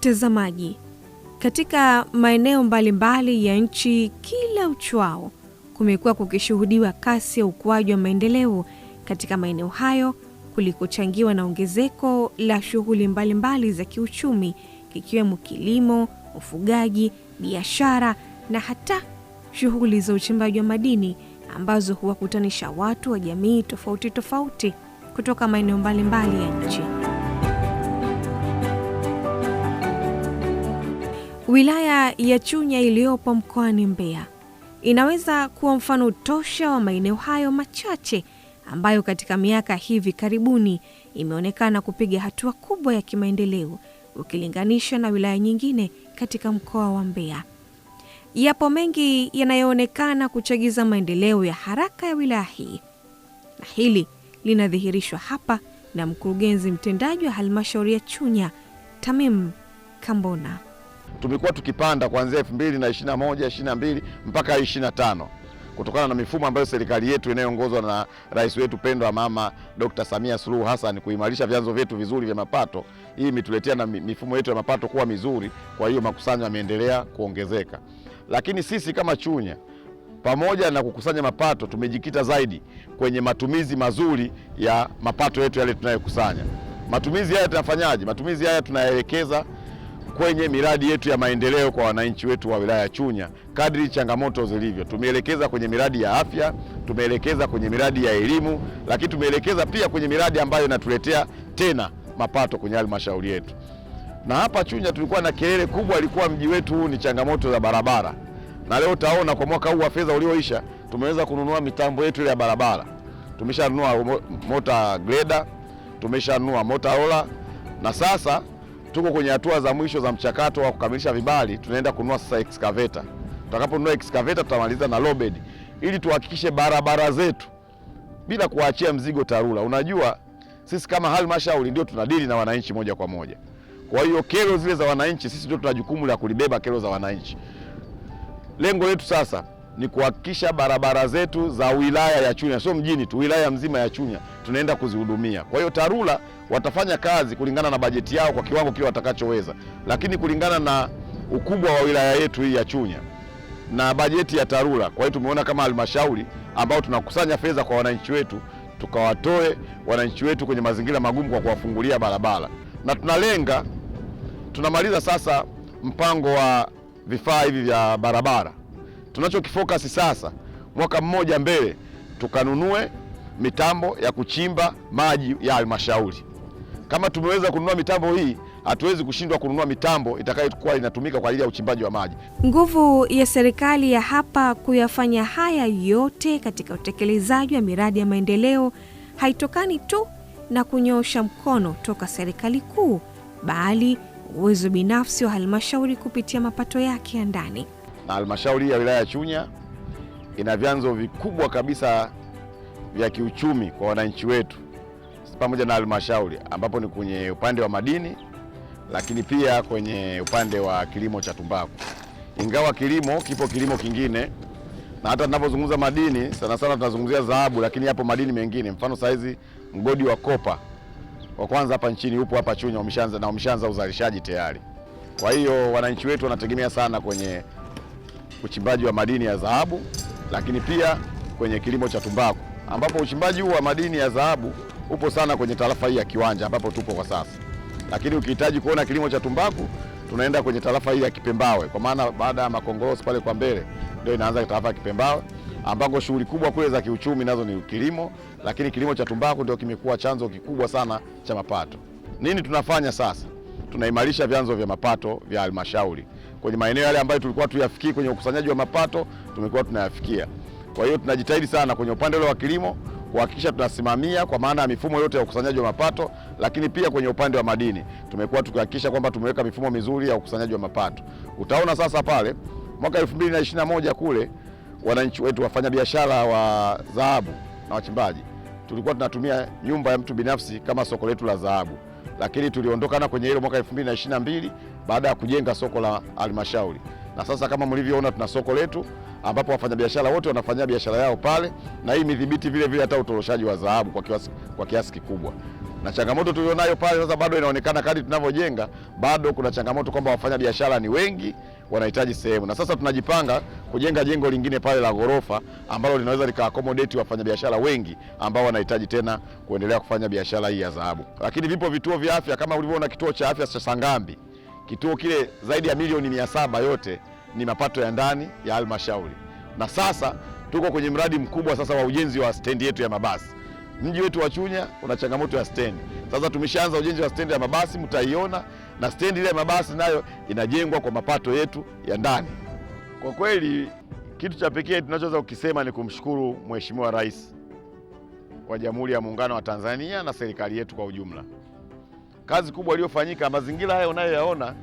Mtazamaji, katika maeneo mbalimbali ya nchi kila uchwao kumekuwa kukishuhudiwa kasi ya ukuaji wa maendeleo katika maeneo hayo kulikochangiwa na ongezeko la shughuli mbalimbali za kiuchumi kikiwemo kilimo, ufugaji, biashara na hata shughuli za uchimbaji wa madini ambazo huwakutanisha watu wa jamii tofauti tofauti kutoka maeneo mbalimbali ya nchi. Wilaya ya Chunya iliyopo mkoani Mbeya inaweza kuwa mfano tosha wa maeneo hayo machache ambayo katika miaka hivi karibuni imeonekana kupiga hatua kubwa ya kimaendeleo ukilinganisha na wilaya nyingine katika mkoa wa Mbeya. Yapo mengi yanayoonekana kuchagiza maendeleo ya haraka ya wilaya hii, na hili linadhihirishwa hapa na mkurugenzi mtendaji wa halmashauri ya Chunya, Tamim Kambona tumekuwa tukipanda kuanzia 2021 22 mpaka 25 kutokana na mifumo ambayo serikali yetu inayoongozwa na rais wetu pendwa Mama Dr. Samia Suluhu Hassan kuimarisha vyanzo vyetu vizuri vya mapato. Hii imetuletea na mifumo yetu ya mapato kuwa mizuri, kwa hiyo makusanyo yameendelea kuongezeka. Lakini sisi kama Chunya, pamoja na kukusanya mapato, tumejikita zaidi kwenye matumizi mazuri ya mapato yetu yale tunayokusanya. Matumizi haya tunafanyaje? Matumizi haya tunayaelekeza kwenye miradi yetu ya maendeleo kwa wananchi wetu wa wilaya ya Chunya kadri changamoto zilivyo. Tumeelekeza kwenye miradi ya afya, tumeelekeza kwenye miradi ya elimu, lakini tumeelekeza pia kwenye miradi ambayo inatuletea tena mapato kwenye halmashauri yetu. Na hapa Chunya tulikuwa na kelele kubwa, ilikuwa mji wetu huu ni changamoto za barabara, na leo utaona kwa mwaka huu wa fedha ulioisha tumeweza kununua mitambo yetu ya barabara. Tumeshanunua mota greda, tumeshanunua mota na sasa tuko kwenye hatua za mwisho za mchakato wa kukamilisha vibali. Tunaenda kununua sasa excavator. Tutakaponunua excavator, tutamaliza na lobed ili tuhakikishe barabara zetu bila kuachia mzigo TARURA. Unajua sisi kama halmashauri ndio tunadili na wananchi moja kwa moja, kwa hiyo kero zile za wananchi sisi ndio tuna jukumu la kulibeba kero za wananchi. Lengo letu sasa ni kuhakikisha barabara zetu za wilaya ya Chunya, sio mjini tu, wilaya mzima ya Chunya tunaenda kuzihudumia. Kwa hiyo TARURA watafanya kazi kulingana na bajeti yao kwa kiwango kile watakachoweza, lakini kulingana na ukubwa wa wilaya yetu hii ya Chunya na bajeti ya TARURA. Kwa hiyo tumeona kama halmashauri ambao tunakusanya fedha kwa wananchi wetu, tukawatoe wananchi wetu kwenye mazingira magumu kwa kuwafungulia barabara, na tunalenga tunamaliza sasa mpango wa vifaa hivi vya barabara Tunachokifokasi sasa, mwaka mmoja mbele, tukanunue mitambo ya kuchimba maji ya halmashauri. Kama tumeweza kununua mitambo hii, hatuwezi kushindwa kununua mitambo itakayokuwa inatumika kwa ajili ya uchimbaji wa maji. Nguvu ya serikali ya hapa kuyafanya haya yote katika utekelezaji wa miradi ya maendeleo haitokani tu na kunyoosha mkono toka serikali kuu, bali uwezo binafsi wa halmashauri kupitia mapato yake ya ndani. Halmashauri ya wilaya ya Chunya ina vyanzo vikubwa kabisa vya kiuchumi kwa wananchi wetu pamoja na halmashauri, ambapo ni kwenye upande wa madini, lakini pia kwenye upande wa kilimo cha tumbaku. Ingawa kilimo kipo kilimo kingine, na hata tunapozungumza madini sana sana tunazungumzia dhahabu, lakini yapo madini mengine. Mfano saizi mgodi wa kopa wa kwanza hapa nchini upo hapa Chunya, umeshaanza na umeshaanza uzalishaji tayari. Kwa hiyo wananchi wetu wanategemea sana kwenye uchimbaji wa madini ya dhahabu, lakini pia kwenye kilimo cha tumbaku, ambapo uchimbaji huu wa madini ya dhahabu upo sana kwenye tarafa hii ya Kiwanja ambapo tupo kwa sasa. Lakini ukihitaji kuona kilimo cha tumbaku, tunaenda kwenye tarafa hii ya Kipembawe, kwa maana baada ya Makongorosi pale kwa mbele ndio inaanza tarafa ya Kipembawe ambako shughuli kubwa kule za kiuchumi nazo ni kilimo, lakini kilimo cha tumbaku ndio kimekuwa chanzo kikubwa sana cha mapato. Nini tunafanya sasa? Tunaimarisha vyanzo vya mapato vya halmashauri kwenye maeneo yale ambayo tulikuwa tuyafikii kwenye ukusanyaji wa mapato tumekuwa tunayafikia. Kwa hiyo tunajitahidi sana kwenye upande ule wa kilimo kuhakikisha tunasimamia kwa maana ya mifumo yote ya ukusanyaji wa mapato, lakini pia kwenye upande wa madini tumekuwa tukihakikisha kwamba tumeweka mifumo mizuri ya ukusanyaji wa mapato. Utaona sasa pale mwaka 2021 kule wananchi wetu wafanyabiashara wa dhahabu na wachimbaji tulikuwa tunatumia nyumba ya mtu binafsi kama soko letu la dhahabu, lakini tuliondokana kwenye hilo mwaka 2022 baada ya kujenga soko la halmashauri. Na sasa kama mlivyoona, tuna soko letu ambapo wafanyabiashara wote wanafanya biashara yao pale, na hii imedhibiti vile vile hata utoroshaji wa dhahabu kwa kiasi, kwa kiasi kikubwa na changamoto tulionayo pale sasa bado inaonekana kadri tunavyojenga bado kuna changamoto kwamba wafanya biashara ni wengi, wanahitaji sehemu, na sasa tunajipanga kujenga jengo lingine pale la ghorofa ambalo linaweza accommodate wafanyabiashara wengi ambao wanahitaji tena kuendelea kufanya biashara hii ya dhahabu. Lakini vipo vituo vya afya kama ulivyoona kituo cha afya cha Sangambi Kituo kile zaidi ya milioni mia saba yote ni mapato ya ndani ya halmashauri, na sasa tuko kwenye mradi mkubwa sasa wa ujenzi wa stendi yetu ya mabasi. Mji wetu wa Chunya una changamoto ya stendi. Sasa tumeshaanza ujenzi wa stendi ya mabasi, mtaiona na stendi ile ya mabasi nayo inajengwa kwa mapato yetu ya ndani. Kwa kweli, kitu cha pekee tunachoweza kukisema ni kumshukuru Mheshimiwa Rais wa Jamhuri ya Muungano wa Tanzania na serikali yetu kwa ujumla kazi kubwa iliyofanyika. Mazingira haya unayoyaona,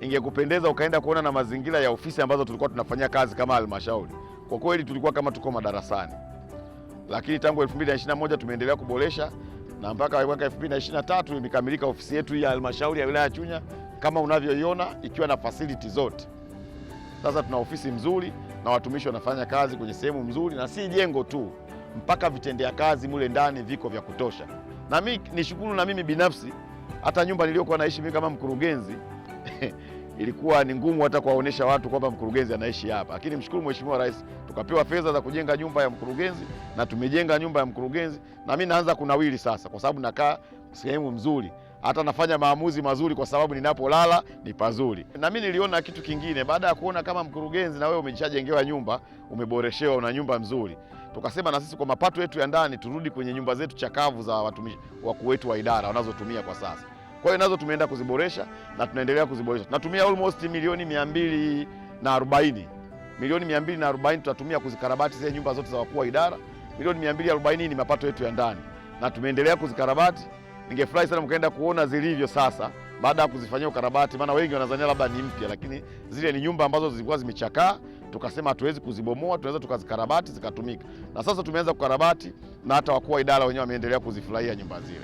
ingekupendeza ukaenda kuona na mazingira ya ofisi ambazo tulikuwa tunafanyia kazi kama halmashauri. Kwa kweli tulikuwa kama tuko madarasani, lakini tangu 2021 tumeendelea kuboresha na mpaka mwaka 2023 imekamilika ofisi yetu ya halmashauri ya wilaya ya Chunya kama unavyoiona ikiwa na fasiliti zote. Sasa tuna ofisi mzuri na watumishi wanafanya kazi kwenye sehemu mzuri, na si jengo tu, mpaka vitendea kazi mule ndani viko vya kutosha, na mi nishukuru na mimi binafsi hata nyumba niliyokuwa naishi mimi kama mkurugenzi ilikuwa ni ngumu hata kuwaonesha watu kwamba mkurugenzi anaishi hapa, lakini mshukuru Mheshimiwa Rais, tukapewa fedha za kujenga nyumba ya mkurugenzi na tumejenga nyumba ya mkurugenzi, na mimi naanza kunawili sasa, kwa sababu nakaa sehemu mzuri, hata nafanya maamuzi mazuri, kwa sababu ninapolala ni pazuri. Na mimi niliona kitu kingine baada ya kuona kama mkurugenzi na wewe umeshajengewa nyumba, umeboreshewa, una nyumba nzuri, tukasema na sisi kwa mapato yetu ya ndani turudi kwenye nyumba zetu chakavu za watumishi wakuu wetu wa idara wanazotumia kwa sasa. Kwa hiyo nazo tumeenda kuziboresha na tunaendelea kuziboresha. Tunatumia almost milioni mia mbili na arobaini milioni mia mbili na arobaini tutatumia kuzikarabati zile nyumba zote za wakuu wa idara. Milioni mia mbili arobaini ni mapato yetu ya ndani na tumeendelea kuzikarabati. Ningefurahi sana mkaenda kuona zilivyo sasa baada ya kuzifanyia ukarabati, maana wengi wanazania labda ni mpya, lakini zile ni nyumba ambazo zilikuwa zimechakaa tukasema hatuwezi kuzibomoa, tunaweza tukazikarabati zikatumika, na sasa tumeanza kukarabati na hata wakuu wa idara wenyewe wameendelea kuzifurahia nyumba zile.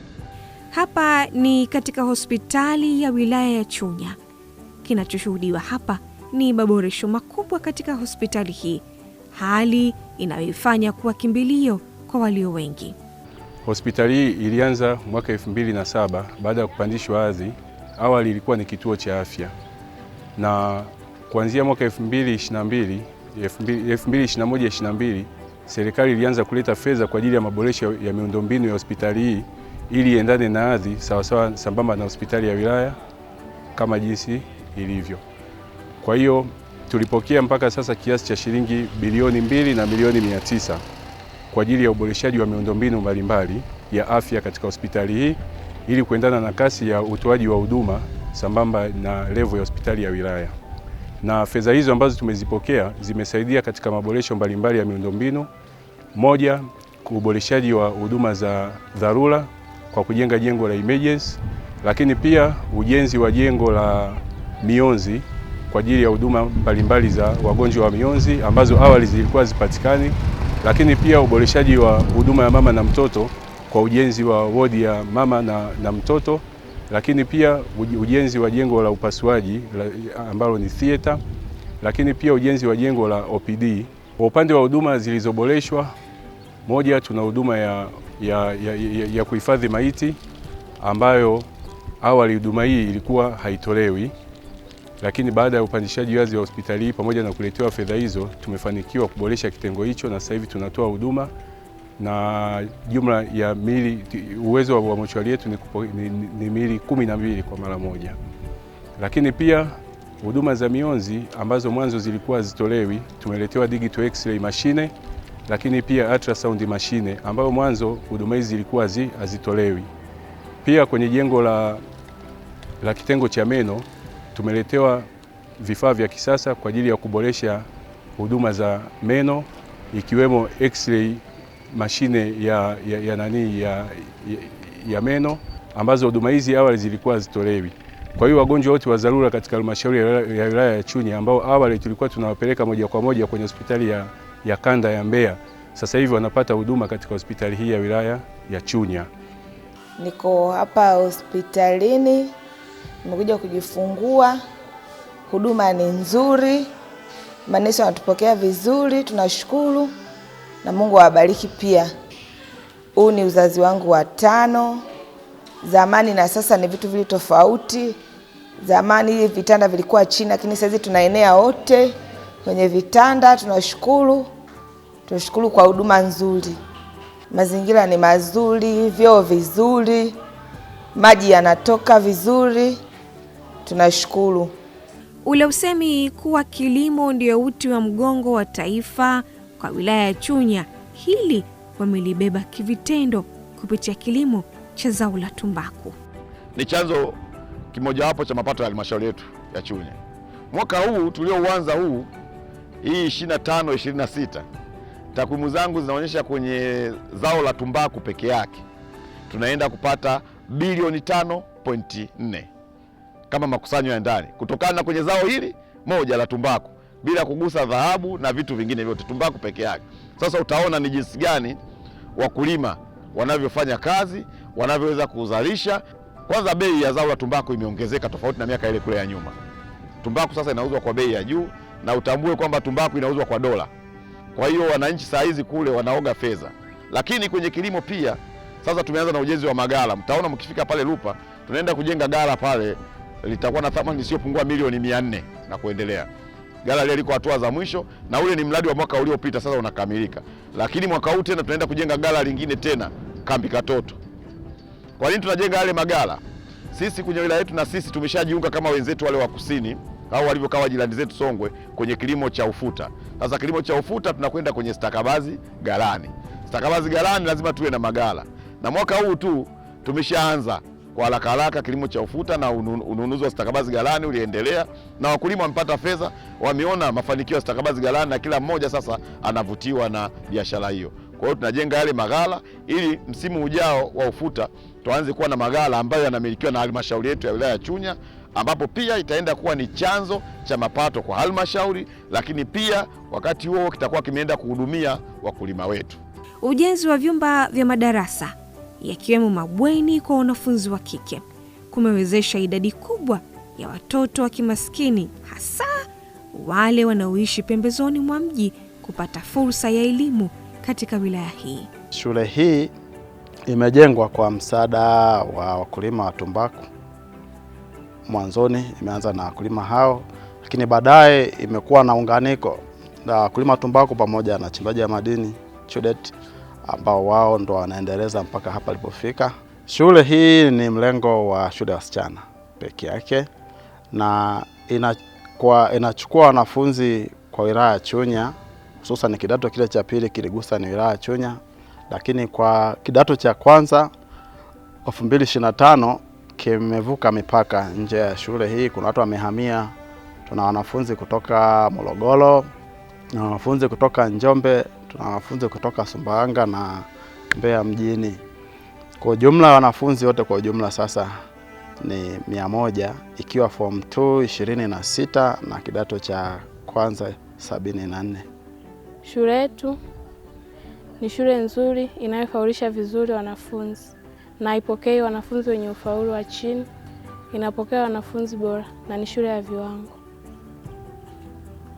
Hapa ni katika hospitali ya wilaya ya Chunya. Kinachoshuhudiwa hapa ni maboresho makubwa katika hospitali hii, hali inayoifanya kuwa kimbilio kwa walio wengi. Hospitali hii ilianza mwaka elfu mbili na saba baada ya kupandishwa hadhi. Awali ilikuwa ni kituo cha afya na kuanzia mwaka 2022 2021-2022 serikali ilianza kuleta fedha kwa ajili ya maboresho ya miundombinu ya hospitali hii ili iendane na hadhi sawasawa sambamba na hospitali ya wilaya kama jinsi ilivyo. Kwa hiyo tulipokea mpaka sasa kiasi cha shilingi bilioni mbili na milioni mia tisa kwa ajili ya uboreshaji wa miundombinu mbalimbali ya afya katika hospitali hii ili kuendana na kasi ya utoaji wa huduma sambamba na levo ya hospitali ya wilaya na fedha hizo ambazo tumezipokea zimesaidia katika maboresho mbalimbali ya miundombinu. Moja, uboreshaji wa huduma za dharura kwa kujenga jengo la emergency, lakini pia ujenzi wa jengo la mionzi kwa ajili ya huduma mbalimbali za wagonjwa wa mionzi ambazo awali zilikuwa zipatikani, lakini pia uboreshaji wa huduma ya mama na mtoto kwa ujenzi wa wodi ya mama na, na mtoto lakini pia ujenzi wa jengo la upasuaji ambalo ni theta, lakini pia ujenzi wa jengo la OPD. Kwa upande wa huduma zilizoboreshwa, moja, tuna huduma ya, ya, ya, ya, ya kuhifadhi maiti ambayo awali huduma hii ilikuwa haitolewi, lakini baada ya upandishaji wazi wa hospitali hii pamoja na kuletewa fedha hizo tumefanikiwa kuboresha kitengo hicho na sasa hivi tunatoa huduma na jumla ya mili uwezo wa mochwari yetu ni, ni, ni mili kumi na mbili kwa mara moja. Lakini pia huduma za mionzi ambazo mwanzo zilikuwa zitolewi, tumeletewa digital x-ray mashine, lakini pia ultrasound mashine ambayo mwanzo huduma hizi zilikuwa hazitolewi. Pia kwenye jengo la, la kitengo cha meno tumeletewa vifaa vya kisasa kwa ajili ya kuboresha huduma za meno ikiwemo x-ray mashine ya, ya, ya nani ya, ya, ya meno ambazo huduma hizi awali zilikuwa hazitolewi. Kwa hiyo wagonjwa wote wa dharura katika halmashauri ya wilaya ya Chunya ambao awali tulikuwa tunawapeleka moja kwa moja kwenye hospitali ya, ya kanda ya Mbeya, sasa hivi wanapata huduma katika hospitali hii ya wilaya ya Chunya. Niko hapa hospitalini, nimekuja kujifungua. Huduma ni nzuri, manesi wanatupokea vizuri, tunashukuru na Mungu awabariki pia. Huu ni uzazi wangu wa tano. Zamani na sasa ni vitu vili tofauti. Zamani hivi vitanda vilikuwa chini, lakini sasa tunaenea wote kwenye vitanda. Tunashukuru, tunashukuru kwa huduma nzuri. Mazingira ni mazuri, vyoo vizuri, maji yanatoka vizuri, tunashukuru. Ule usemi kuwa kilimo ndio uti wa mgongo wa taifa kwa wilaya ya Chunya. Hili wamelibeba kivitendo kupitia kilimo cha zao la tumbaku. Ni chanzo kimojawapo cha mapato ya halmashauri yetu ya Chunya. Mwaka huu tuliouanza huu hii 25 26, takwimu zangu zinaonyesha kwenye zao la tumbaku peke yake tunaenda kupata bilioni 5.4 kama makusanyo ya ndani kutokana na kwenye zao hili moja la tumbaku bila kugusa dhahabu na vitu vingine vyote, tumbaku peke yake. Sasa utaona ni jinsi gani wakulima wanavyofanya kazi, wanavyoweza kuzalisha. Kwanza, bei ya zao la tumbaku imeongezeka tofauti na miaka ile kule ya nyuma. Tumbaku sasa inauzwa kwa bei ya juu, na utambue kwamba tumbaku inauzwa kwa dola. Kwa hiyo wananchi saa hizi kule wanaoga fedha, lakini kwenye kilimo pia sasa tumeanza na ujenzi wa magala. Mtaona mkifika pale Lupa, tunaenda kujenga gala pale, litakuwa na thamani isiyopungua milioni mia nne na kuendelea. Galaria liko hatua za mwisho, na ule ni mradi wa mwaka uliopita, sasa unakamilika. Lakini mwaka huu tena tunaenda kujenga gala lingine tena Kambi Katoto. Kwa nini tunajenga yale magala? Sisi kwenye wilaya yetu na sisi tumeshajiunga kama wenzetu wale wa kusini au walivyokawa jirani zetu Songwe kwenye kilimo cha ufuta. Sasa kilimo cha ufuta tunakwenda kwenye stakabazi galani. Stakabazi galani lazima tuwe na magala, na mwaka huu tu tumeshaanza kwa haraka haraka kilimo cha ufuta na ununuzi wa stakabadhi ghalani uliendelea na wakulima wamepata fedha, wameona mafanikio ya stakabadhi ghalani na kila mmoja sasa anavutiwa na biashara hiyo. Kwa hiyo tunajenga yale maghala ili msimu ujao wa ufuta tuanze kuwa na maghala ambayo yanamilikiwa na halmashauri yetu ya wilaya ya Chunya ambapo pia itaenda kuwa ni chanzo cha mapato kwa halmashauri, lakini pia wakati huo kitakuwa kimeenda kuhudumia wakulima wetu. Ujenzi wa vyumba vya madarasa yakiwemo mabweni kwa wanafunzi wa kike kumewezesha idadi kubwa ya watoto wa kimaskini hasa wale wanaoishi pembezoni mwa mji kupata fursa ya elimu katika wilaya hii. Shule hii imejengwa kwa msaada wa wakulima wa tumbaku. Mwanzoni imeanza na wakulima hao, lakini baadaye imekuwa na unganiko na wakulima wa tumbaku pamoja na chimbaji ya madini CHUDET ambao wao ndo wanaendeleza mpaka hapa alipofika. Shule hii ni mlengo wa shule ya wasichana peke yake na ina, kwa, inachukua wanafunzi kwa wilaya ya Chunya hususan kidato kile cha pili kiligusa ni wilaya ya Chunya, lakini kwa kidato cha kwanza 2025 kimevuka mipaka nje ya shule hii. Kuna watu wamehamia, tuna wanafunzi kutoka Morogoro na wanafunzi kutoka Njombe tuna wanafunzi kutoka Sumbawanga na Mbeya mjini. Kwa jumla wanafunzi wote kwa ujumla sasa ni mia moja ikiwa form 2 ishirini na sita na kidato cha kwanza sabini na nne. Shule yetu ni shule nzuri inayofaulisha vizuri wanafunzi na haipokei wanafunzi wenye ufaulu wa chini, inapokea wanafunzi bora na ni shule ya viwango.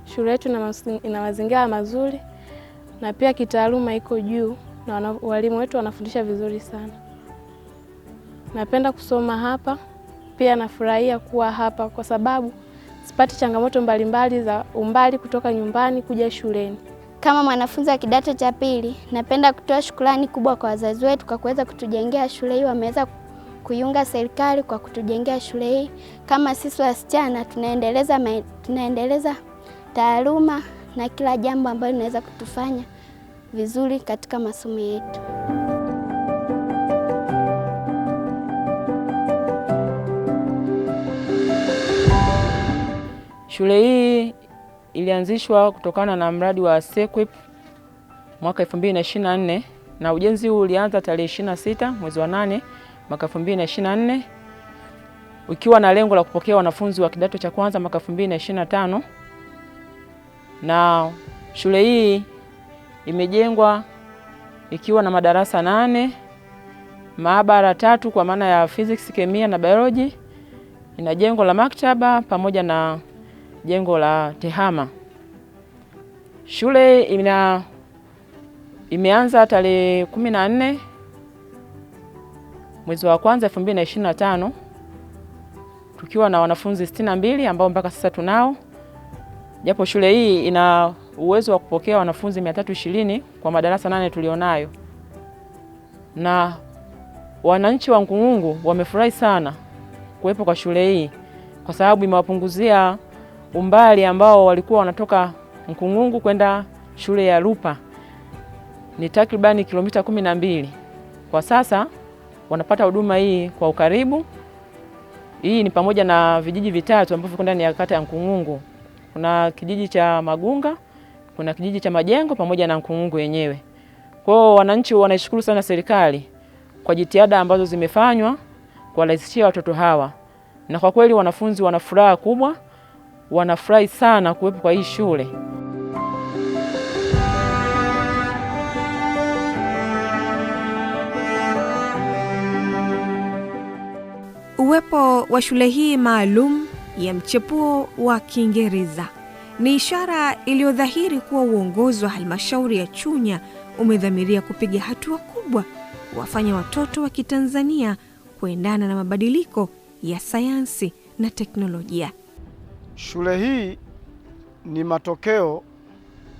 Shule yetu ina mazingira mazuri na pia kitaaluma iko juu na walimu wetu wanafundisha vizuri sana. Napenda kusoma hapa, pia nafurahia kuwa hapa kwa sababu sipati changamoto mbalimbali za umbali kutoka nyumbani kuja shuleni. Kama mwanafunzi wa kidato cha pili, napenda kutoa shukrani kubwa kwa wazazi wetu kwa kuweza kutujengea shule hii. Wameweza kuiunga serikali kwa kutujengea shule hii. Kama sisi wasichana tunaendeleza, tunaendeleza taaluma na kila jambo ambalo linaweza kutufanya vizuri katika masomo yetu. Shule hii ilianzishwa kutokana na mradi wa SEQUIP mwaka 2024 na ujenzi huu ulianza tarehe 26 mwezi wa 8 mwaka 2024 ukiwa na lengo la kupokea wanafunzi wa kidato cha kwanza mwaka 2025 na shule hii imejengwa ikiwa na madarasa nane, maabara tatu kwa maana ya physics, kemia na biology, ina jengo la maktaba pamoja na jengo la tehama. Shule ina imeanza tarehe kumi na nne mwezi wa kwanza elfu mbili na ishirini na tano tukiwa na wanafunzi sitini na mbili ambao mpaka sasa tunao japo shule hii ina uwezo wa kupokea wanafunzi 320 kwa madarasa nane tulionayo, na wananchi wa Nkungungu wamefurahi sana kuwepo kwa shule hii kwa sababu imewapunguzia umbali ambao walikuwa wanatoka Nkungungu kwenda shule ya Lupa ni takribani kilomita kumi na mbili. Kwa sasa wanapata huduma hii kwa ukaribu. Hii ni pamoja na vijiji vitatu ambavyo ndani ya kata ya Nkungungu kuna kijiji cha Magunga, kuna kijiji cha Majengo pamoja na Nkungungu yenyewe. Kwa hiyo wananchi wanaishukuru sana serikali kwa jitihada ambazo zimefanywa kuwarahisishia watoto hawa, na kwa kweli wanafunzi wana furaha kubwa, wanafurahi sana kuwepo kwa hii shule. Uwepo wa shule hii maalum ya mchepuo wa Kiingereza ni ishara iliyodhahiri kuwa uongozi wa halmashauri ya Chunya umedhamiria kupiga hatua kubwa kuwafanya watoto wa Kitanzania kuendana na mabadiliko ya sayansi na teknolojia. Shule hii ni matokeo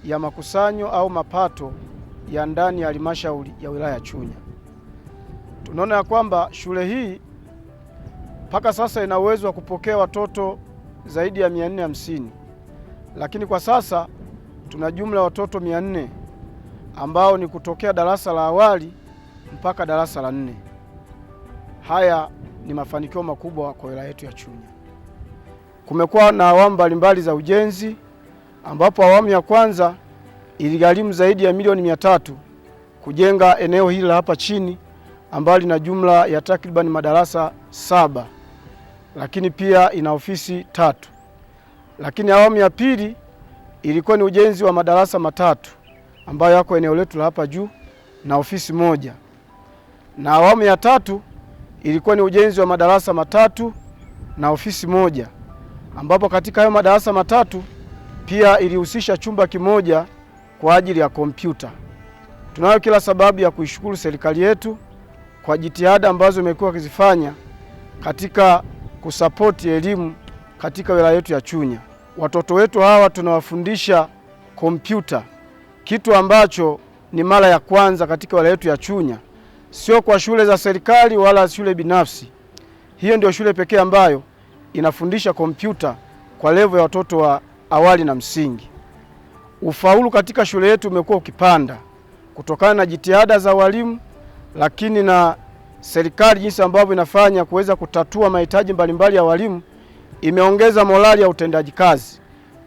ya makusanyo au mapato ya ndani ya halmashauri ya wilaya ya Chunya. Tunaona ya kwamba shule hii mpaka sasa ina uwezo wa kupokea watoto zaidi ya 450 lakini kwa sasa tuna jumla watoto 400 ambao ni kutokea darasa la awali mpaka darasa la nne. Haya ni mafanikio makubwa kwa wilaya yetu ya Chunya. Kumekuwa na awamu mbalimbali za ujenzi ambapo awamu ya kwanza iligharimu zaidi ya milioni mia tatu kujenga eneo hili la hapa chini ambalo lina jumla ya takribani madarasa saba lakini pia ina ofisi tatu. Lakini awamu ya pili ilikuwa ni ujenzi wa madarasa matatu ambayo yako eneo letu la hapa juu na ofisi moja, na awamu ya tatu ilikuwa ni ujenzi wa madarasa matatu na ofisi moja, ambapo katika hayo madarasa matatu pia ilihusisha chumba kimoja kwa ajili ya kompyuta. Tunayo kila sababu ya kuishukuru serikali yetu kwa jitihada ambazo imekuwa ikizifanya katika kusapoti elimu katika wilaya yetu ya Chunya. Watoto wetu hawa tunawafundisha kompyuta, kitu ambacho ni mara ya kwanza katika wilaya yetu ya Chunya, sio kwa shule za serikali wala shule binafsi. Hiyo ndio shule pekee ambayo inafundisha kompyuta kwa levo ya watoto wa awali na msingi. Ufaulu katika shule yetu umekuwa ukipanda kutokana na jitihada za walimu, lakini na serikali jinsi ambavyo inafanya kuweza kutatua mahitaji mbalimbali ya walimu imeongeza morali ya utendaji kazi,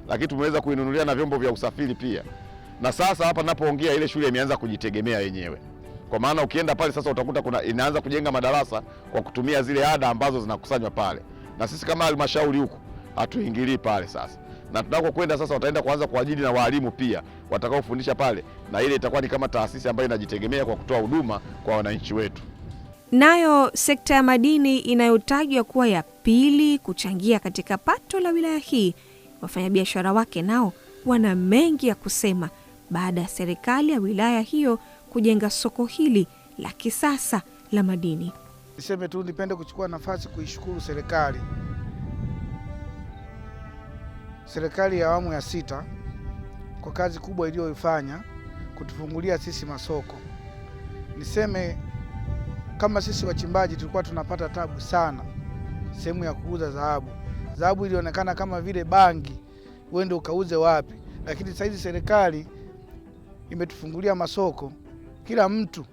lakini tumeweza kuinunulia na vyombo vya usafiri pia, na sasa hapa ninapoongea ile shule imeanza kujitegemea yenyewe, kwa maana ukienda pale sasa utakuta kuna inaanza kujenga madarasa kwa kutumia zile ada ambazo zinakusanywa pale, na sisi kama halmashauri huku hatuingilii pale sasa na tunakokwenda sasa wataenda kuanza kuajiri na waalimu pia watakaofundisha pale, na ile itakuwa ni kama taasisi ambayo inajitegemea kwa kutoa huduma kwa wananchi wetu. Nayo sekta ya madini inayotajwa kuwa ya pili kuchangia katika pato la wilaya hii, wafanyabiashara wake nao wana mengi ya kusema baada ya serikali ya wilaya hiyo kujenga soko hili la kisasa la madini. Niseme tu, nipende kuchukua nafasi kuishukuru serikali, serikali ya awamu ya sita kwa kazi kubwa iliyoifanya kutufungulia sisi masoko. Niseme kama sisi wachimbaji tulikuwa tunapata tabu sana sehemu ya kuuza dhahabu. Dhahabu ilionekana kama vile bangi, uende ukauze wapi? Lakini sasa hizi serikali imetufungulia masoko, kila mtu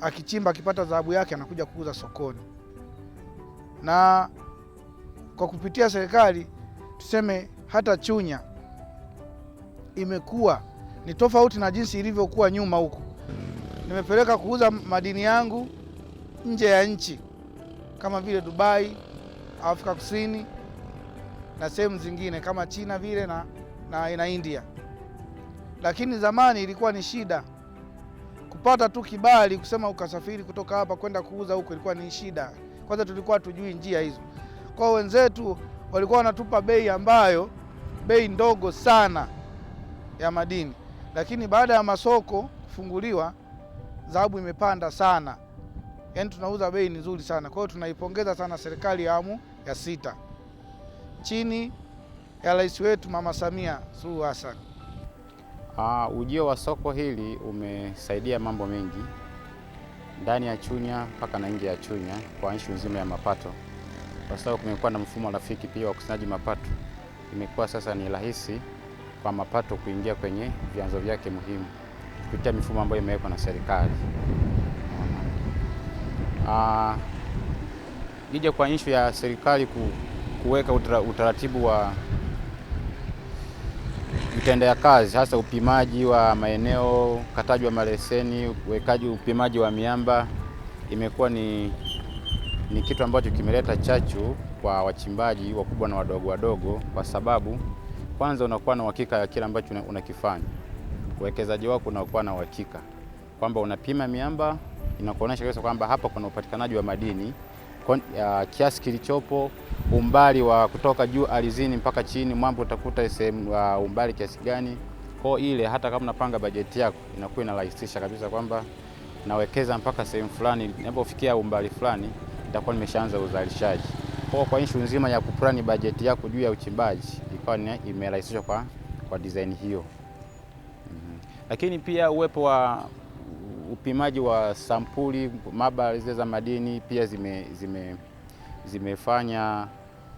akichimba akipata dhahabu yake anakuja kuuza sokoni, na kwa kupitia serikali tuseme hata Chunya imekuwa ni tofauti na jinsi ilivyokuwa nyuma huku. Nimepeleka kuuza madini yangu nje ya nchi kama vile Dubai, Afrika Kusini na sehemu zingine kama China vile na, na, na India. Lakini zamani ilikuwa ni shida kupata tu kibali kusema ukasafiri kutoka hapa kwenda kuuza huko, ilikuwa ni shida. Kwanza tulikuwa tujui njia hizo, kwa wenzetu walikuwa wanatupa bei ambayo bei ndogo sana ya madini, lakini baada ya masoko kufunguliwa dhahabu imepanda sana yani tunauza bei nzuri sana. Kwa hiyo tunaipongeza sana serikali ya awamu ya sita chini ya rais wetu Mama Samia Suluhu Hassan. Uh, ujio wa soko hili umesaidia mambo mengi ndani ya Chunya mpaka na nje ya Chunya kwa nchi nzima ya mapato, kwa sababu kumekuwa na mfumo rafiki pia wa kusanyaji mapato. Imekuwa sasa ni rahisi kwa mapato kuingia kwenye vyanzo vyake muhimu kupitia mifumo ambayo imewekwa na serikali. Uh, kwa issue ya serikali ku, kuweka utaratibu wa ya kazi hasa upimaji wa maeneo, ukataji wa maleseni, uwekaji upimaji wa miamba imekuwa ni, ni kitu ambacho kimeleta chachu kwa wachimbaji wakubwa na wadogo wadogo, kwa sababu kwanza unakuwa na uhakika ya kile ambacho unakifanya, uwekezaji wako unakuwa na uhakika kwamba unapima miamba inakuonyesha kabisa kwamba hapa kuna upatikanaji wa madini uh, kiasi kilichopo, umbali wa kutoka juu alizini mpaka chini mwamba utakuta sehemu uh, umbali kiasi gani. Kwa ile hata kama unapanga bajeti yako inakuwa inarahisisha kabisa kwamba nawekeza mpaka sehemu fulani, ninapofikia umbali fulani nitakuwa nimeshaanza uzalishaji. Kwa kwa nchi nzima ya kuplani bajeti yako juu ya uchimbaji ikawa imerahisishwa kwa, kwa design hiyo. Mm -hmm. Lakini pia uwepo wa upimaji wa sampuli maabara zile za madini pia zime, zime, zimefanya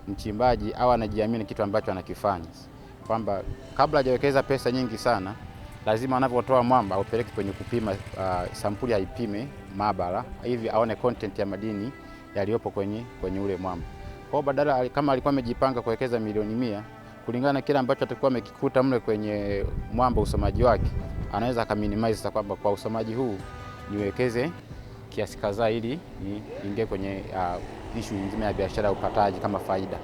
mchimbaji au anajiamini kitu ambacho anakifanya, kwamba kabla hajawekeza pesa nyingi sana, lazima anapotoa mwamba aupeleke kwenye kupima uh, sampuli aipime maabara, hivi aone content ya madini yaliyopo kwenye, kwenye ule mwamba. Kwa badala kama alikuwa amejipanga kuwekeza milioni mia kulingana na kile ambacho atakuwa amekikuta mle kwenye mwamba usomaji wake anaweza akaminimize sasa kwamba kwa usomaji huu niwekeze kiasi kadhaa ili niingie kwenye uh, ishu nzima ya biashara ya upataji kama faida.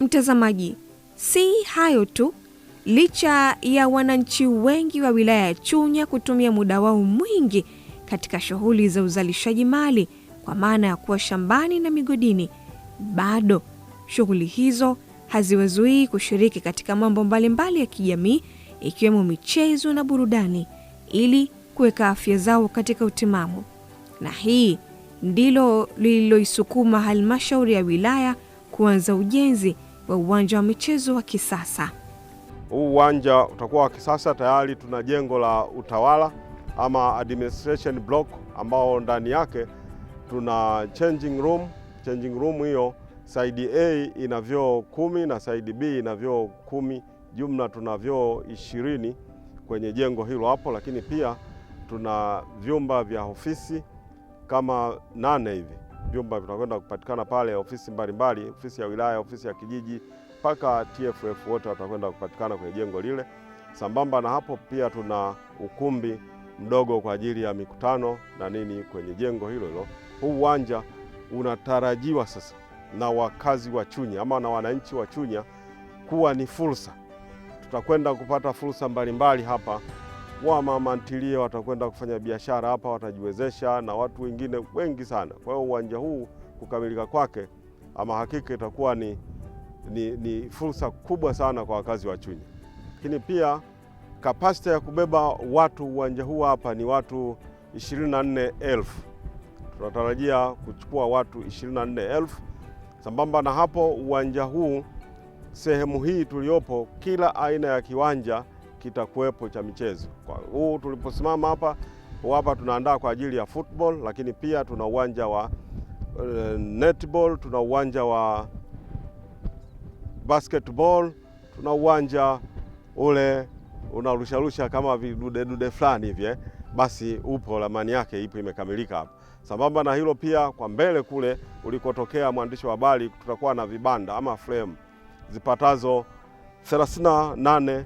Mtazamaji, si hayo tu. Licha ya wananchi wengi wa wilaya ya Chunya kutumia muda wao mwingi katika shughuli za uzalishaji mali kwa maana ya kuwa shambani na migodini, bado shughuli hizo haziwazuii kushiriki katika mambo mbalimbali mbali ya kijamii ikiwemo michezo na burudani ili kuweka afya zao katika utimamu. Na hii ndilo lililoisukuma halmashauri ya wilaya kuanza ujenzi wa uwanja wa michezo wa kisasa. Huu uwanja utakuwa wa kisasa, tayari tuna jengo la utawala ama administration block ambao ndani yake tuna changing room. Changing room hiyo saidi A ina vyoo kumi na saidi B ina vyoo kumi Jumla tuna vyoo ishirini kwenye jengo hilo hapo, lakini pia tuna vyumba vya ofisi kama nane hivi vyumba vitakwenda kupatikana pale, ofisi mbalimbali mbali, ofisi ya wilaya, ofisi ya kijiji mpaka TFF wote watakwenda kupatikana kwenye jengo lile. Sambamba na hapo, pia tuna ukumbi mdogo kwa ajili ya mikutano na nini kwenye jengo hilo hilo. Huu uwanja unatarajiwa sasa na wakazi wa Chunya ama na wananchi wa Chunya kuwa ni fursa tutakwenda kupata fursa mbalimbali hapa. Wamama ntilie watakwenda kufanya biashara hapa, watajiwezesha na watu wengine wengi sana. Kwa hiyo uwanja huu kukamilika kwake, ama hakika itakuwa ni, ni, ni fursa kubwa sana kwa wakazi wa Chunya. Lakini pia kapasiti ya kubeba watu uwanja huu hapa ni watu 24,000. Tunatarajia kuchukua watu 24,000. Sambamba na hapo uwanja huu sehemu hii tuliyopo, kila aina ya kiwanja kitakuwepo cha michezo. Kwa huu tuliposimama hapa hapa, tunaandaa kwa ajili ya football, lakini pia tuna uwanja wa eh, netball, tuna uwanja wa basketball, tuna uwanja ule unarusharusha kama vidudedude fulani hivi, eh. basi upo, ramani yake ipo imekamilika hapa. Sambamba na hilo pia, kwa mbele kule ulikotokea mwandishi wa habari, tutakuwa na vibanda ama frame zipatazo 38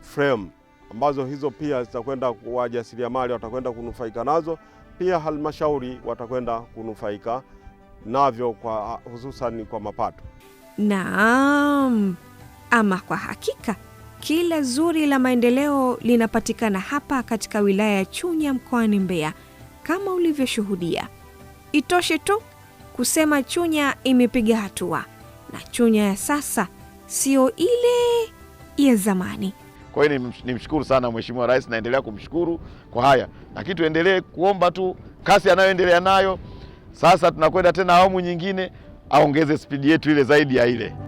frame ambazo hizo pia zitakwenda wajasiriamali watakwenda kunufaika nazo, pia halmashauri watakwenda kunufaika navyo kwa hususan kwa mapato. Naam, ama kwa hakika kila zuri la maendeleo linapatikana hapa katika wilaya ya Chunya mkoani Mbeya kama ulivyoshuhudia. Itoshe tu kusema Chunya imepiga hatua na Chunya ya sasa siyo ile ya zamani. Kwa hiyo nimshukuru sana Mheshimiwa Rais, naendelea kumshukuru kwa haya, lakini tuendelee kuomba tu kasi anayoendelea nayo sasa, tunakwenda tena awamu nyingine, aongeze spidi yetu ile zaidi ya ile.